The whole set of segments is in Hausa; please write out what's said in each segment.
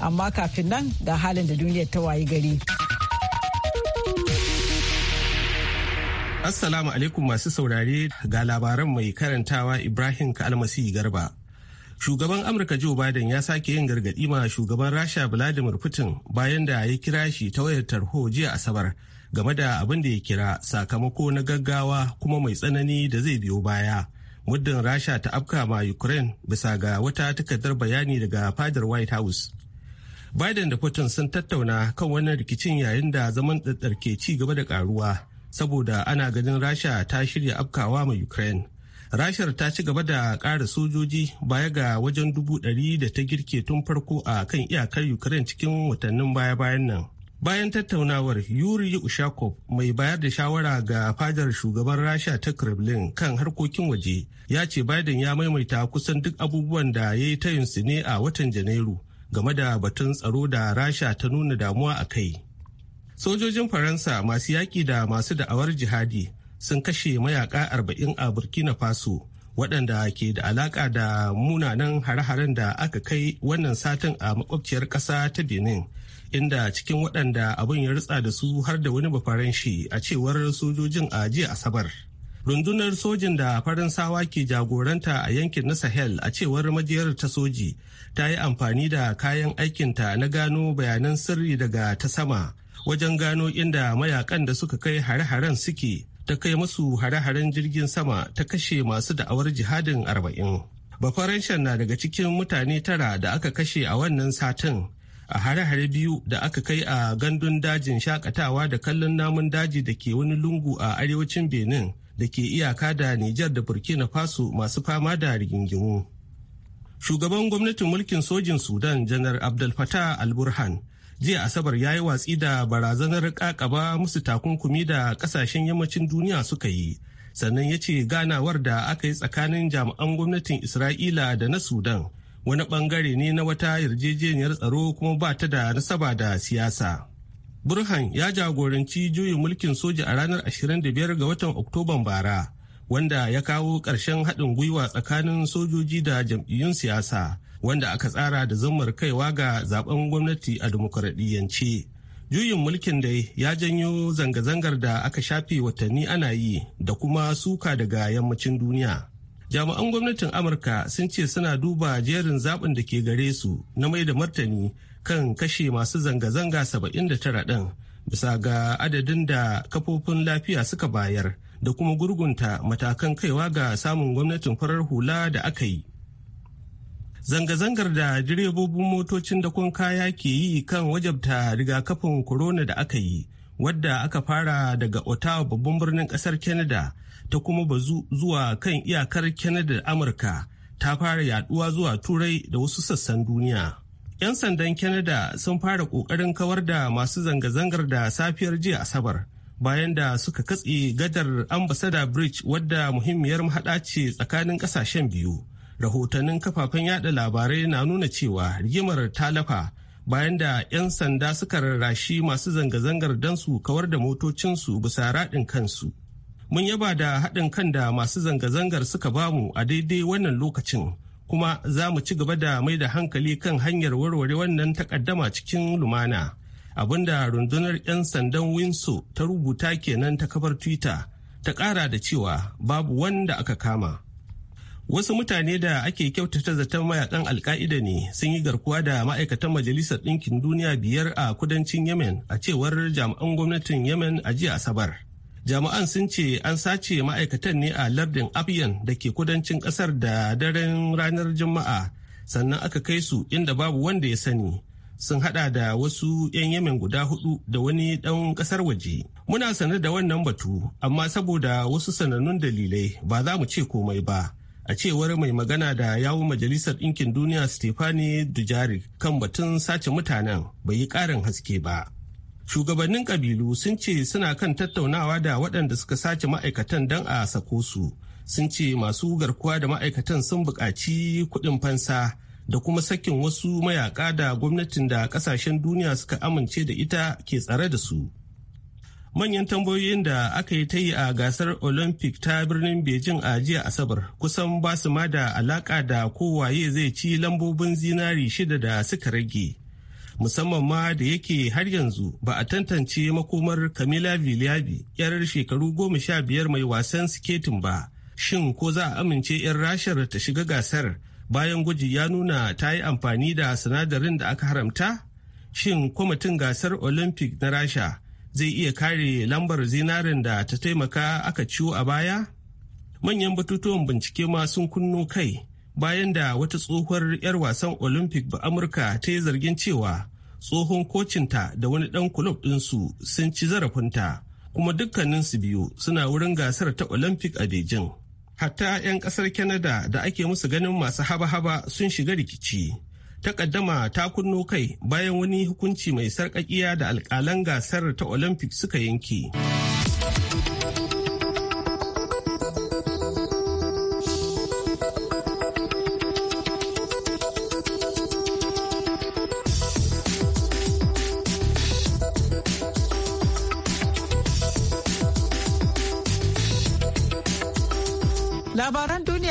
amma kafin nan ga halin da duniyar ta wayi gari. Assalamu alaikum masu saurare ga labaran mai karantawa Ibrahim Kalmasi Garba. Shugaban Amurka Joe Biden ya sake yin gargaɗi ma shugaban Rasha Vladimir Putin bayan da ya kira shi ta wayar tarho jiya Asabar game da abin da ya kira sakamako na gaggawa kuma mai tsanani da zai biyo baya. Muddin Rasha ta afka ma Ukraine bisa ga wata takardar bayani daga fadar White House. Biden da Putin sun tattauna kan wannan rikicin yayin da zaman tsatsar ke ci gaba da karuwa saboda ana ganin Rasha ta shirya afkawa mai Ukraine. Rashar ta ci gaba da ƙara sojoji baya ga wajen dubu ɗari da ta girke tun farko a kan iyakar Ukraine cikin watannin baya-bayan nan. Bayan tattaunawar Yuri Ushakov mai bayar da shawara ga fadar shugaban Rasha ta Kremlin kan harkokin waje ya ce Biden ya maimaita kusan duk abubuwan da ya yi tayinsu ne a watan Janairu game da batun tsaro da rasha ta nuna damuwa a kai sojojin faransa masu yaƙi da masu da'awar jihadi sun kashe mayaka arba'in a burkina faso waɗanda ke da alaƙa da munanan hare-haren da aka kai wannan satin a makwabciyar ƙasa ta benin inda cikin waɗanda abin ya rutsa da su har da wani bafaranshi a cewar sojojin a jiya asabar rundunar sojin da faransawa ke jagoranta a yankin na sahel a cewar majiyar ta soji ta yi amfani da kayan aikinta na gano bayanan sirri daga ta sama wajen gano inda mayakan da suka kai hare-haren suke ta kai masu hare-haren jirgin sama ta kashe masu da'awar jihadin arba'in bafaranshan na daga cikin mutane tara da aka kashe a wannan satin a hare-hare biyu da aka kai a gandun dajin shakatawa da kallon namun daji da ke wani lungu a arewacin benin da ke iyaka da Nijar da Burkina Faso masu fama da rigingimu. Shugaban gwamnatin mulkin sojin Sudan janar Abdel Fattah al-Burhan jiya Asabar ya yi watsi da barazanar kakaba musu takunkumi da kasashen yammacin duniya suka yi. Sannan ya ce ganawar da aka yi tsakanin jami'an gwamnatin Isra'ila da na Sudan wani bangare ne na wata yarjejeniyar tsaro kuma ba ta da nasaba da siyasa. burhan ya jagoranci juyin mulkin soja a ranar 25 ga watan oktoban bara wanda ya kawo ƙarshen haɗin gwiwa tsakanin sojoji da jam'iyyun siyasa wanda aka tsara da zammar kaiwa ga zaben gwamnati a dimokuraɗiyyance juyin mulkin dai ya janyo zanga-zangar da aka shafe watanni ana yi da kuma suka daga yammacin duniya jami'an gwamnatin amurka sun ce suna duba jerin zaɓin da ke gare su na mai da martani kan kashe masu zanga-zanga 79 ɗin bisa ga adadin da kafofin lafiya suka bayar da kuma gurgunta matakan kaiwa ga samun gwamnatin farar hula da aka yi. Zanga-zangar da direbobin motocin da kun kaya ke yi kan wajabta rigakafin korona da aka yi, wadda aka fara daga Ottawa babban birnin ƙasar Canada ta kuma bazu zuwa kan iyakar Canada da Amurka ta fara yaduwa zuwa Turai da wasu sassan duniya. 'Yan sandan Canada sun fara ƙoƙarin kawar da masu zanga-zangar da safiyar jiya Asabar bayan da suka katse gadar ambasada Bridge wadda muhimmiyar mahaɗa ce tsakanin ƙasashen biyu. Rahotannin kafafen yada labarai na nuna cewa rigimar talafa bayan da 'yan sanda suka rarrashi masu zanga-zangar don su kawar da motocinsu bisa raɗin kansu. Mun yaba da haɗin kan da masu zanga-zangar suka bamu a daidai wannan lokacin kuma za mu ci gaba da mai da hankali kan hanyar warware wannan takaddama cikin lumana abinda rundunar 'yan sandan winso ta rubuta kenan ta kafar twitter ta kara da cewa babu wanda aka kama wasu mutane da ake kyautata zaton mayakan alka'ida ne sun yi garkuwa da ma'aikatan majalisar ɗinkin duniya biyar a kudancin yemen a cewar jami'an gwamnatin yemen a jiya asabar jami'an sun ce an sace ma'aikatan ne a lardin abiyan da ke kudancin kasar da daren ranar juma'a sannan aka kai su inda babu wanda ya sani sun hada da wasu 'yan yamen guda hudu da wani dan kasar waje muna sanar da wannan batu amma saboda wasu sanannun dalilai ba za mu ce komai ba a cewar mai magana da yawun majalisar ɗinkin duniya stefani dujari kan batun sace mutanen bai yi ƙarin haske ba shugabannin kabilu sun ce suna kan tattaunawa da waɗanda suka sace ma'aikatan don a sako su sun ce masu garkuwa da ma'aikatan sun buƙaci kuɗin fansa da kuma sakin wasu mayaƙa da gwamnatin da ƙasashen duniya suka amince da ita ke tsare da su manyan tambayoyin da aka yi ta yi a gasar olympic ta birnin beijing a jiya asabar kusan ba su ma da alaƙa da kowaye zai ci lambobin zinari shida da suka rage musamman ma da yake har yanzu ba a tantance makomar Camila Villiabi yar shekaru goma sha biyar mai wasan siketin ba. Shin ko za a amince 'yan rashar ta shiga gasar bayan gwaji ya nuna ta yi amfani da sinadarin da aka haramta? Shin kwamitin gasar Olympic na Rasha zai iya kare lambar zinarin da ta taimaka aka ciwo a baya? Manyan batutuwan bincike ma sun kunno kai. bayan da wata tsohuwar 'yar wasan olympic ba amurka ta yi zargin cewa tsohon kocinta da wani ɗan kulob su sun ci zarafinta kuma dukkaninsu biyu suna wurin gasar ta olympic a beijing hatta 'yan kasar canada da ake musu ganin masu haba-haba sun shiga rikici takaddama ta kunno kai bayan wani hukunci mai sarƙaƙiya da alƙalan gasar ta olympic suka yanke.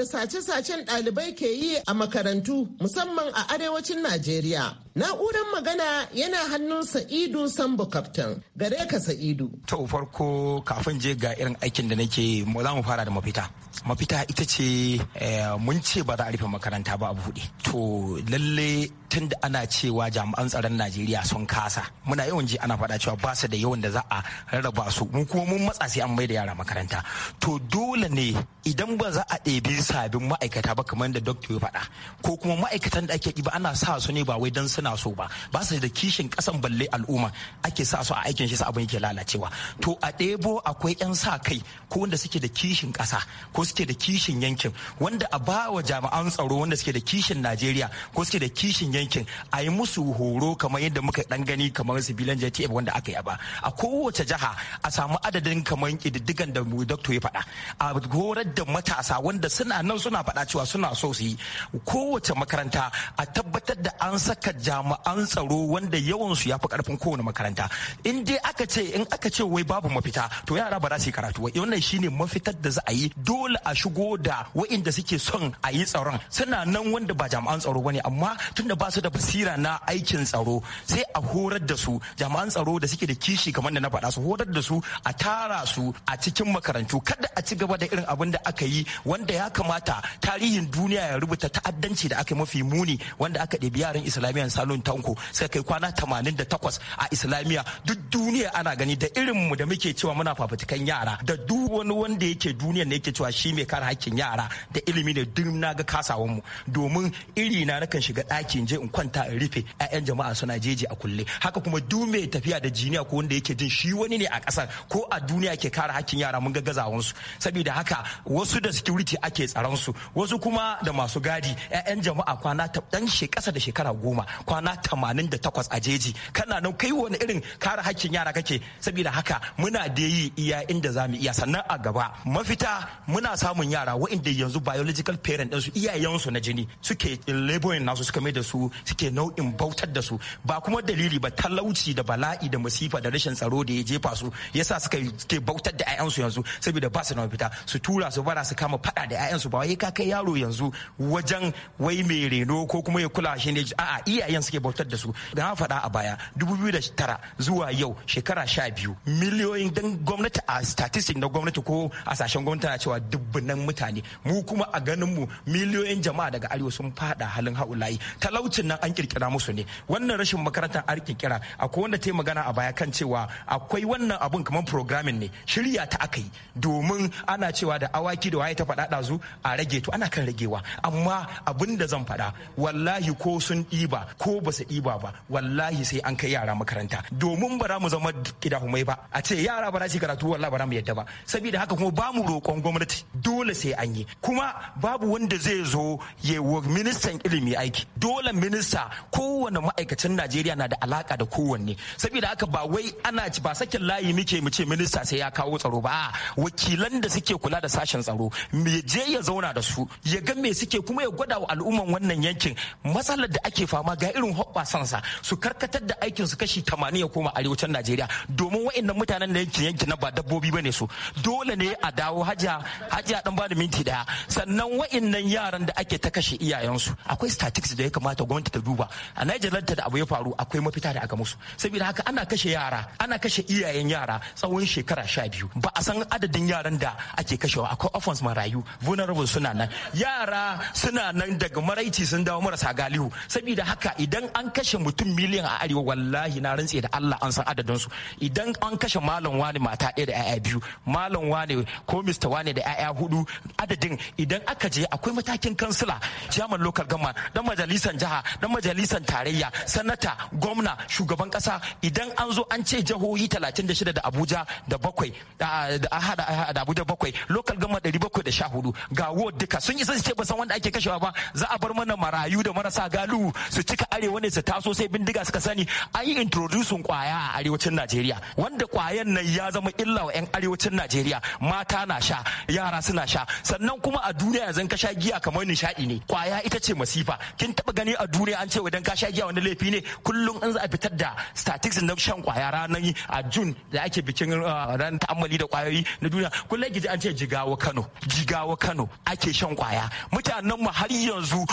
da sace-sacen ɗalibai ke yi a makarantu musamman a arewacin Najeriya. Na'urar magana yana hannun Sa'idu Sambo Kaftan. Gare ka Sa'idu. Ta farko kafin je ga irin aikin da nake za mu fara da mafita. Mafita ita ce eh, mun ce ba za a rufe makaranta ba a buɗe. To lalle tun da ana cewa jami'an tsaron Najeriya sun kasa. Muna yawan ji ana faɗa cewa ba su da yawan da za a rarraba su. Mu kuma mun matsa sai an mai da yara makaranta. To dole ne idan ba za a ɗebe su sabin ma'aikata ba kamar da doctor ya faɗa ko kuma ma'aikatan da ake ba ana sa su ne ba wai dan suna so ba ba su da kishin kasan balle al'umma ake sa su a aikin shi sa abin yake lalacewa to a ɗebo akwai 'yan sa kai ko wanda suke da kishin ƙasa ko suke da kishin yankin wanda a ba wa jami'an tsaro wanda suke da kishin Najeriya ko suke da kishin yankin a yi musu horo kamar yadda muka dan gani kamar sibilan JTF wanda aka yi a kowace jiha a samu adadin kamar kididdigan da doctor ya faɗa a horar da matasa wanda suna nan suna faɗa cewa suna so su yi kowace makaranta a tabbatar da an saka jami'an tsaro wanda yawan su yafi karfin kowane makaranta in dai aka ce in aka ce wai babu mafita to yara ba za su yi karatu wai wannan shine mafitar da za a yi dole a shigo da wa'inda suke son a yi tsaron suna nan wanda ba jami'an tsaro bane amma tunda ba su da basira na aikin tsaro sai a horar da su jami'an tsaro da suke da kishi kamar da na faɗa su horar da su a tara su a cikin makarantu kada a ci gaba da irin abin da aka yi wanda ya kamata kamata tarihin duniya ya rubuta ta'addanci da aka mafi muni wanda aka ɗabi yaran islamiyya salon tanko sai kai kwana tamanin da 88 a islamiyya duk duniya ana gani da irin mu da muke cewa muna fafutukan yara da duk wani wanda yake duniya ne yake cewa shi mai kare hakkin yara da ilimi ne duk na ga kasawan mu domin iri na nakan shiga in je in kwanta in rufe ƴaƴan jama'a suna jeji a kulle haka kuma duk mai tafiya da jiniya ko wanda yake jin shi wani ne a ƙasar ko a duniya ke kare hakkin yara mun ga gazawansu saboda haka wasu da security ake tsara tsaronsu wasu kuma da masu gadi 'ya'yan jama'a kwana dan kasa da shekara goma kwana tamanin da takwas a jeji kana nan kai wani irin kare hakkin yara kake saboda haka muna da yi iya inda zamu iya sannan a gaba mafita muna samun yara waɗanda yanzu biological parent ɗinsu iyayensu na jini suke laboring nasu suka mai da su suke nau'in bautar da su ba kuma dalili ba talauci da bala'i da masifa da rashin tsaro da ya jefa su yasa suka ke bautar da 'ya'yansu yanzu saboda ba su na mafita su tura su bara su kama fada da 'ya'yansu iyayensu ba wai ka kai yaro yanzu wajen wai mai reno ko kuma ya kula shi ne a'a iyayen suke bautar da su da na faɗa a baya 2009 zuwa yau shekara 12 miliyoyin dan gwamnati a statistic na gwamnati ko a sashen gwamnati na cewa dubbunan mutane mu kuma a ganin mu miliyoyin jama'a daga arewa sun fada halin haulayi talaucin nan an kirkira musu ne wannan rashin makarantar an kirkira akwai wanda ta yi magana a baya kan cewa akwai wannan abun kamar programming ne shirya ta aka yi domin ana cewa da awaki da waye ta faɗaɗa ɗazu a rage to ana kan ragewa amma abin da zan faɗa wallahi ko sun ɗiba ko ba su ɗiba ba wallahi sai an kai yara makaranta domin ba za mu zama kidahumai ba a ce yara ba za su karatu wallahi ba za mu yadda ba saboda haka kuma ba mu roƙon gwamnati dole sai an yi kuma babu wanda zai zo ya wa ministan ilimi aiki dole minista kowane ma'aikacin najeriya na da alaka da kowanne saboda haka ba wai ana ba sakin layi muke mu ce minista sai ya kawo tsaro ba wakilan da suke kula da sashen tsaro me je ya zai zauna da su ya ga me suke kuma ya gwada wa al'umman wannan yankin matsalar da ake fama ga irin hoɓɓasansa su karkatar da aikin su kashi 80 ya koma arewacin Najeriya domin wa'annan mutanen da yankin yankin na ba dabbobi bane su dole ne a dawo hajiya hajiya dan bada minti daya sannan wa'annan yaran da ake ta kashe iyayensu akwai statistics da ya kamata gwamnati ta duba a Niger da abu ya faru akwai mafita da aka musu saboda haka ana kashe yara ana kashe iyayen yara tsawon shekara sha biyu ba a san adadin yaran da ake kashewa akwai offense marayu vulnerable honorable suna nan yara suna nan daga maraici sun dawo marasa galihu saboda haka idan an kashe mutum miliyan a arewa wallahi na rantse da Allah an san adadin su idan an kashe malam wani mata ɗaya da 'ya'ya biyu malam wani ko mr wani da 'ya'ya hudu adadin idan aka je akwai matakin kansila chairman lokal gama dan majalisan jiha dan majalisan tarayya sanata gwamna shugaban kasa idan an zo an ce jihohi 36 da Abuja da bakwai da Abuja bakwai local government 714 ga ward duka sun isa su ce ba san wanda ake kashewa ba za a bar mana marayu da marasa galu su cika arewa ne su taso sai bindiga suka sani an yi introducing kwaya a arewacin Najeriya wanda kwayan nan ya zama illa wa 'yan arewacin Najeriya mata na sha yara suna sha sannan kuma a duniya yanzu ka sha giya kamar nishaɗi ne kwaya ita ce masifa kin taba gani a duniya an ce idan ka sha giya wani laifi ne kullum in za a fitar da statistics na shan kwaya ranar a June da ake bikin uh, ranar ta'ammali da kwayoyi na duniya kullum ji an ce jigawa Kano jigawa Kano ake shan kwaya mutanen mu har yanzu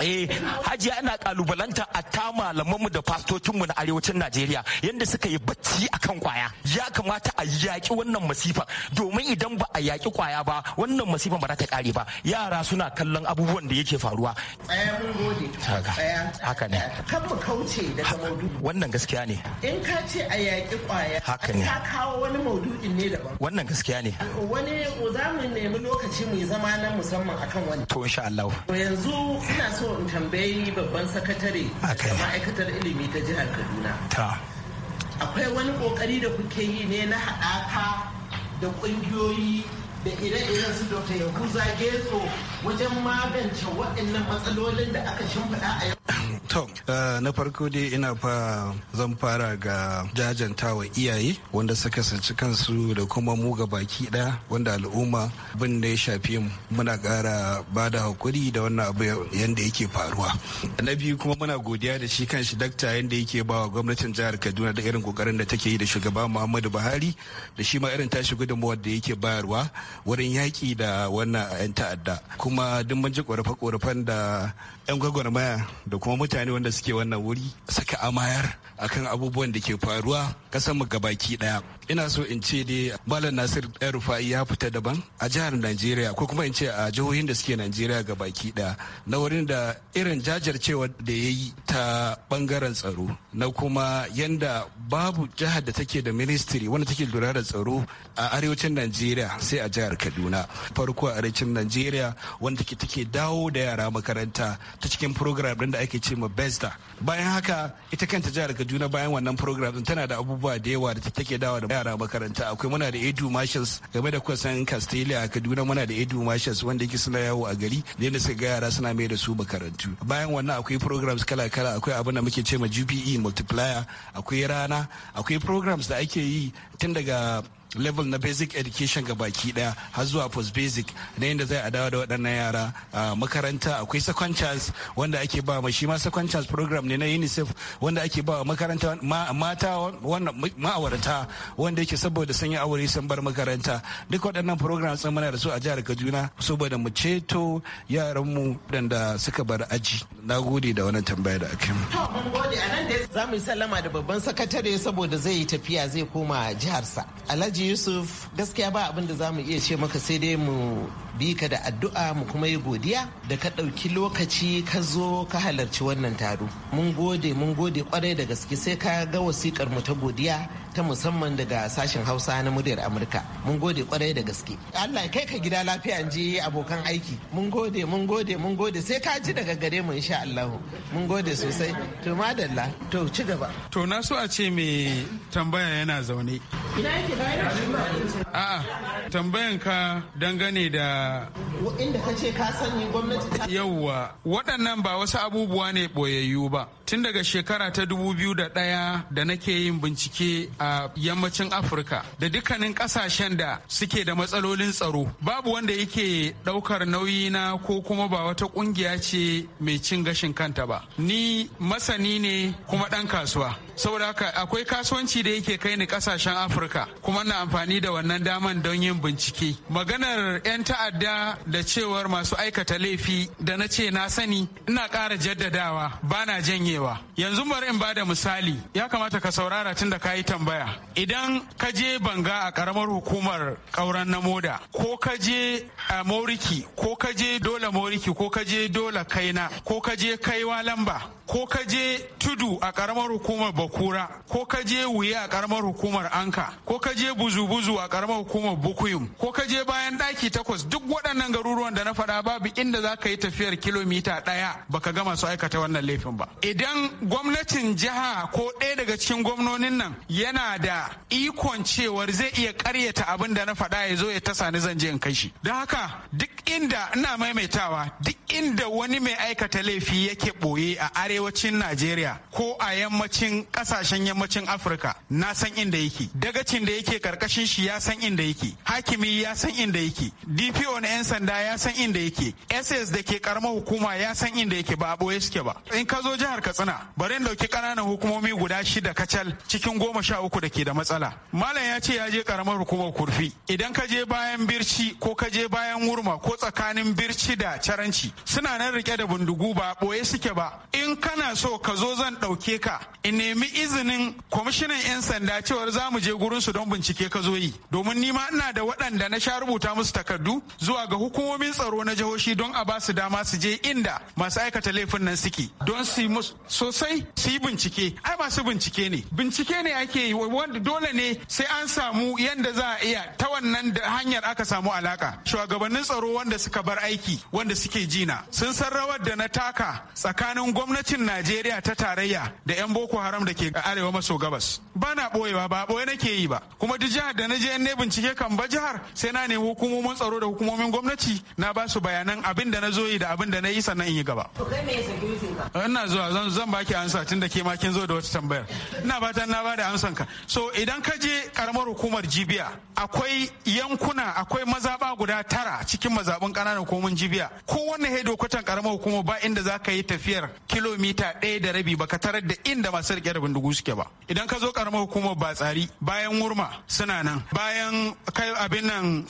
eh hajiya ina kalubalanta a ta malaman mu da fastocin mu na arewacin Najeriya yanda suka yi bacci akan kwaya ya kamata a yaki wannan masifa domin idan ba a yaki kwaya ba wannan masifa ba za ta kare ba yara suna kallon abubuwan da yake faruwa tsaya tsaya haka ne kan mu kauce daga Maudu. wannan gaskiya ne in ka ce a yaki kwaya haka ne ka kawo wani maudu'in ne daban wannan gaskiya ne wani za mu nemi lokaci lokaci mu zama na musamman akan wani. To insha Allah. To yanzu ina so in tambayi babban sakatare da ma'aikatar ilimi ta jihar Kaduna. Ta. Akwai wani kokari da kuke yi ne na haɗaka da ƙungiyoyi da ire-iren su Dr. Yahuza Getso wajen magance waɗannan matsalolin da aka shimfiɗa a yau. Tom. Eh, na farko dai ina fa zan fara ga jajantawa iyaye wanda suka sanci kansu da kuma mu ga baki ɗaya wanda al'umma abin da ya shafi mu muna ƙara ba da hakuri da wannan abu yadda yake faruwa. Na biyu kuma muna godiya da shi kanshi dakta yadda yake ba wa gwamnatin jihar Kaduna da irin kokarin da take yi da shugaba Muhammadu Buhari da shi ma irin tashi gudunmawar da yake bayarwa wurin yaƙi da wannan 'yan ta'adda. Kuma duk mun ji ƙorafe-ƙorafen da 'yan gwagwarmaya da kuma mutane mutane wanda suke wannan wuri saka amayar akan abubuwan da ke faruwa kasanmu mu gabaki daya ina so in ce dai malam nasir ɗaya rufa'i ya fita daban a jihar najeriya ko kuma in ce a jihohin da suke najeriya gabaki daya na wurin da irin jajircewa da ya yi ta bangaren tsaro na kuma yanda babu jihar da take da ministry wanda take lura da tsaro a arewacin najeriya sai a jihar kaduna farko a arewacin najeriya wanda take dawo da yara makaranta ta cikin program da ake ce ma besta bayan haka ita kanta jihar kaduna bayan wannan program din tana da abubuwa da yawa da take dawa da yara makaranta akwai muna da edu marshals game da kusan castelia a kaduna muna da edu marshals wanda yake suna yawo a gari da yadda suka ga yara suna mai da su makarantu bayan wannan akwai programs kala kala akwai abin da muke ce ma gpe multiplier akwai rana akwai programs da ake yi tun daga level na basic education ga baki daya har zuwa post basic na yadda zai a dawo da waɗannan yara makaranta akwai second chance wanda ake ba ma shi ma second chance program ne na unicef wanda ake ba makaranta mata ma'aurata wanda yake saboda sun yi aure sun bar makaranta duk waɗannan program sun muna da su a jihar kaduna saboda mu ceto yaranmu da suka bar aji na gode da wannan tambaya da aka za mu yi sallama da babban sakatare saboda zai yi tafiya zai koma jiharsa alhaji Yusuf gaskiya ba abin da za mu iya ce maka sai dai mu bi ka da addu'a mu kuma yi godiya da ka ɗauki lokaci ka zo ka halarci wannan taro mun gode mun gode kwarai da gaske sai ka ga wasikar mu ta godiya ta musamman daga sashen hausa na muryar amurka mun gode kwarai da gaske allah kai ka gida lafiya je abokan aiki mun gode mun gode mun gode sai ka ji daga gare mu insha allah mun gode sosai to madalla to ci gaba to na so a ce me tambaya yana zaune a'a tambayan ka dangane da inda yawwa waɗannan ba wasu abubuwa ne ɓoyayyu ba tun daga shekara ta dubu 2001 da nake yin bincike a yammacin afirka da dukkanin ƙasashen da suke da matsalolin tsaro babu wanda yake ɗaukar nauyi na ko kuma ba wata ƙungiya ce mai cin gashin kanta ba ni masani ne kuma ɗan kasuwa saboda haka akwai kasuwanci da yake kai ni kasashen afirka kuma na amfani da wannan daman don yin bincike maganar 'yan ta'adda da cewar masu aikata laifi da na ce na sani ina ƙara jaddadawa ba na janyewa yanzu bari in bada misali ya kamata ka saurara tun da ka yi tambaya idan ka je banga a ƙaramar hukumar ƙauran na moda ko ka je a moriki ko ka je dole moriki ko ka je dole kaina ko ka je kaiwa lamba ko ka je tudu a karamar hukumar bakura ko ka je wuya a karamar hukumar anka ko ka je buzu-buzu a karamar hukumar bukuyum ko ka je bayan daki takwas duk waɗannan garuruwan da na faɗa babu inda za ka yi tafiyar kilomita ɗaya baka gama su aikata wannan laifin ba idan gwamnatin jiha ko ɗaya daga cikin gwamnonin nan yana da ikon cewar zai iya karyata abin da na faɗa ya zo ya tasa ni zan je in kai shi don haka duk inda ina maimaitawa duk inda wani mai aikata laifi yake ɓoye a are arewacin Najeriya ko a yammacin kasashen yammacin Afirka na san inda yake. Dagacin da yake karkashin shi ya san inda yake. Hakimi ya san inda yake. DPO na 'yan sanda ya san inda yake. SS da ke karamar hukuma ya san inda yake ba a boye suke ba. In ka zo jihar Katsina bari ɗauki ƙananan hukumomi guda shida kacal cikin goma sha uku da ke da matsala. Malam ya ce ya je karamar hukumar kurfi. Idan ka je bayan birci ko ka je bayan wurma ko tsakanin birci da caranci suna nan rike da bindigu ba boye suke ba. In kana so ka zo zan ɗauke ka in nemi izinin kwamishinan 'yan sanda cewar za mu je gurin su don bincike ka zo yi domin nima ina da waɗanda na sha rubuta musu takardu zuwa ga hukumomin tsaro na jihohi don a ba su dama su je inda masu aikata laifin nan suke don su yi sosai su yi bincike ai masu bincike ne bincike ne ake yi wanda dole ne sai an samu yadda za a iya ta wannan da hanyar aka samu alaka shugabannin tsaro wanda suka bar aiki wanda suke jina sun san rawar da na taka tsakanin gwamnati. gwamnatin Najeriya ta tarayya da 'yan Boko Haram da ke arewa maso gabas. Ba na ɓoyewa ba ɓoye nake yi ba. Kuma duk jihar da na je ne bincike kan ba jihar sai na nemi hukumomin tsaro da hukumomin gwamnati na ba su bayanan abin da na zo yi da abin da na yi sannan in yi gaba. Ina zuwa zan zan baki ansa tun da ke ma kin zo da wata tambayar. Ina fatan na bada ansan ka. So idan ka je karamar hukumar Jibiya akwai yankuna akwai mazaba guda tara cikin mazabin ƙananan hukumomin Jibiya. Kowanne hedo kwatan karamar hukumar ba inda za ka yi tafiyar kilomita mita ɗaya da rabi baka tarar da inda masu rike da bindigu suke ba idan ka zo karamar hukumar batsari bayan wurma suna nan bayan kai abin nan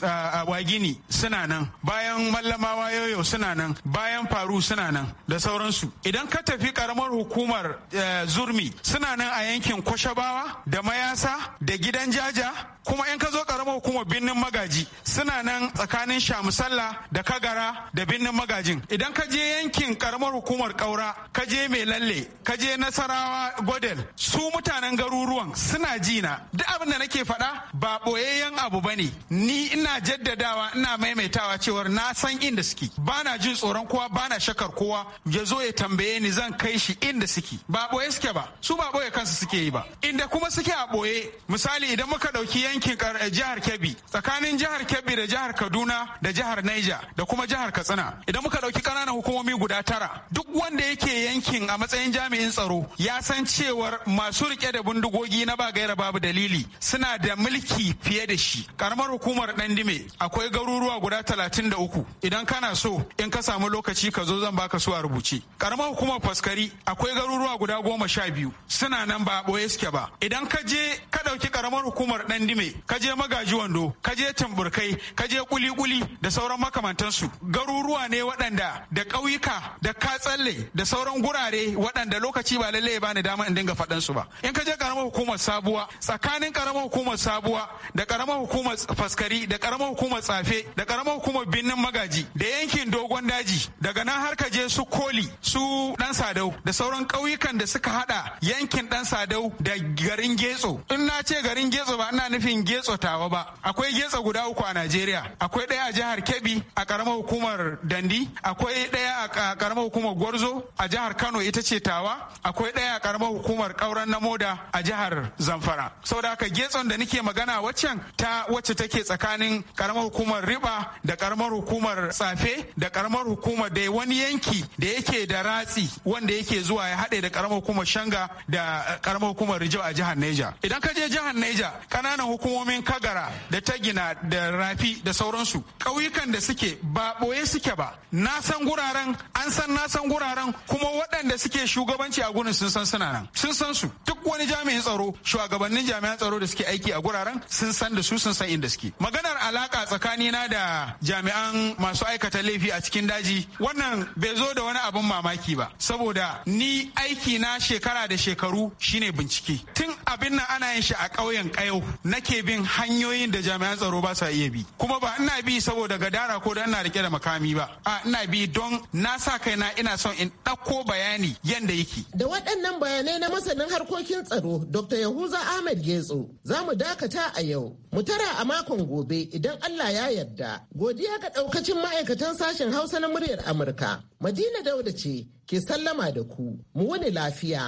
wagini suna nan bayan mallamawa yoyo suna nan bayan faru suna nan da sauransu idan ka tafi karamar hukumar e, zurmi suna nan a yankin kwashabawa da mayasa da gidan jaja kuma in ka zo karamar hukumar birnin magaji suna nan tsakanin shamusalla da kagara da birnin magajin idan ka je yankin karamar hukumar kaura ka je mai lalle ka je nasarawa godel su mutanen garuruwan suna jina duk abin da nake faɗa ba ɓoyayyen abu ba ne ni ina jaddadawa ina maimaitawa cewar na san inda suke ba na jin tsoron kowa ba na shakar kowa ya zo ya tambaye ni zan kai shi inda suke ba ɓoye suke ba su ba ɓoye kansu suke yi ba inda kuma suke a ɓoye misali idan muka ɗauki yankin eh, jihar kebbi tsakanin jihar kebbi da jihar kaduna da jihar naija da kuma jihar katsina idan muka ɗauki ƙananan hukumomi guda tara duk wanda yake yankin aikin a matsayin jami'in tsaro ya san cewar masu rike da bindigogi na ba gaira babu dalili suna da mulki fiye da shi karamar hukumar dandime akwai garuruwa guda talatin da uku idan kana so in ka samu lokaci ka zo zan baka su a rubuce karamar hukumar faskari akwai garuruwa guda goma sha biyu suna nan ba boye suke ba idan ka je ka ɗauki karamar hukumar dandime ka je magaji wando ka je tamburkai ka je kuli-kuli da sauran makamantansu garuruwa ne waɗanda da ƙauyuka da katsalle da sauran gurare wurare waɗanda lokaci ba lalle ba bani dama in dinga faɗan su ba in ka je karamar hukumar sabuwa tsakanin karamar hukumar sabuwa da karamar hukumar faskari da karamar hukumar tsafe da karamar hukumar binnin magaji da yankin dogon daji daga nan har ka je su koli su dan sadau da sauran ƙauyukan da suka hada yankin dan sadau da garin getso in na ce garin getso ba ina nufin getso tawa ba akwai getso guda uku a najeriya akwai ɗaya a jihar kebbi a karamar hukumar dandi akwai ɗaya a karamar hukumar gwarzo a jihar kano kano ita ce tawa akwai ɗaya karamar hukumar ƙauren na moda a jihar zamfara saboda haka getson da nake magana waccan ta wacce take tsakanin ƙaramar hukumar riba da karamar hukumar tsafe da karamar hukumar da wani yanki da yake da ratsi wanda yake zuwa ya haɗe da karamar hukumar shanga da karamar hukumar rijau a jihar neja idan ka je jihar neja kananan hukumomin kagara da tagina da rafi da sauransu ƙauyukan da suke ba ɓoye suke ba na san guraren an san na san guraren kuma waɗanda waɗanda suke shugabanci a gurin sun san suna nan sun san su duk wani jami'in tsaro shugabannin jami'an tsaro da suke aiki a guraren sun san da su sun san inda suke maganar alaka tsakanina da jami'an masu aikata laifi a cikin daji wannan bai zo da wani abin mamaki ba saboda ni aiki na shekara da shekaru shine bincike tun abin nan ana yin shi a ƙauyen ƙayau nake bin hanyoyin da jami'an tsaro ba sa iya bi kuma ba ina bi saboda gadara ko da ina rike da makami ba a ina bi don na sa kaina ina son in ɗauko bayani bayani yanda yake. Da waɗannan bayanai na masanin harkokin tsaro Dr. Yahuza Ahmed Getso za mu dakata a yau. Mu tara a makon gobe idan Allah ya yarda. Godiya ga ɗaukacin ma'aikatan sashen Hausa na muryar Amurka. Madina Dauda ce ke sallama da ku. Mu wani lafiya.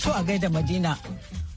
To a gaida Madina.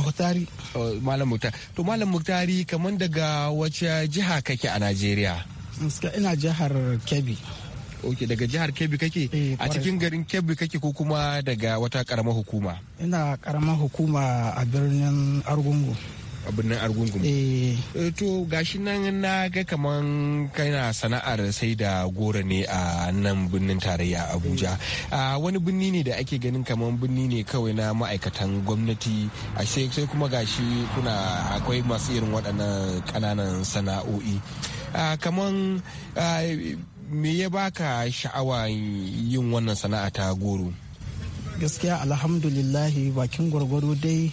Muktari. Oh, malam Muktari. to malam Muktari kamar daga wace jiha kake a najeriya ina jihar kebbi ok daga jihar kebbi kake eh, a cikin garin kebbi kake ko kuma daga wata karamar hukuma ina karamar hukuma a birnin argungu birnin argungun eh. Eh, to gashi nan na ga kaman kaina sana'ar sai da goro ne a nan birnin tarayya abuja a wani birni ne da ake ganin kaman birni ne kawai na ma'aikatan gwamnati a sai kuma gashi kuna akwai masu irin waɗannan ƙananan sana'o'i kaman me ya baka sha'awa yin wannan sana'a ta goro gaskiya alhamdulillahi bakin gwargwado dai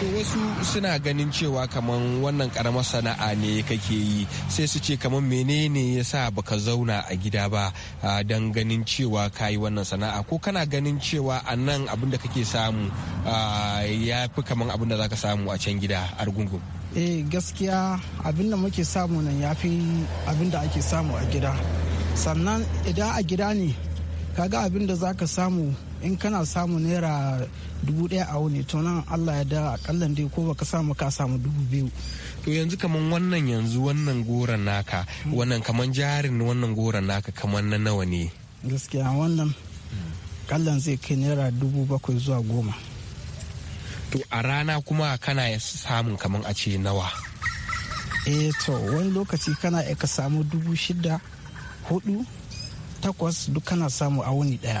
to wasu suna ganin cewa kaman wannan karamar sana'a ne kake yi sai su ce kaman menene ya sa baka zauna a gida ba don ganin cewa ka yi wannan sana'a ko kana ganin cewa a nan abin kake samu ya fi kaman abin da zaka samu a can gida a rugungun eh gaskiya abin da muke samu nan ya fi abin ake samu a gida sannan idan a gida ne kaga abin da zaka samu in kana samu naira dubu daya a wuni to nan allah ya da akalla dai ko baka samu ka samu dubu biyu to yanzu kaman wannan yanzu wannan goron naka hmm. wannan kaman jarin wannan goron naka kaman na nawa ne gaskiya wannan kallon zai kai naira dubu bakwai zuwa goma to a rana kuma kana samun kaman a ce nawa eh to wani lokaci kana ka samu dubu shida hudu takwas duk kana samu a wuni daya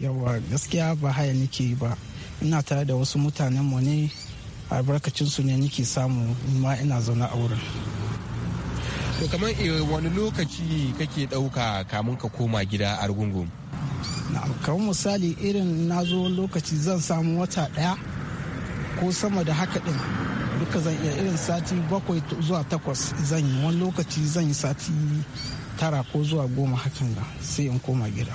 yawa gaskiya ba haya nike yi ba ina tare da wasu mutanen mu ne albarkacin su ne nike samu ma ina zaune a wurin to kamar eh, wani lokaci kake ɗauka kamun ka koma gida a rugungun kawo misali irin nazo zo lokaci zan samu wata ɗaya ko sama da haka ɗin duka zan iya irin sati bakwai zuwa takwas zan yi wani lokaci zan yi sati tara ko zuwa goma hakan da sai in koma gida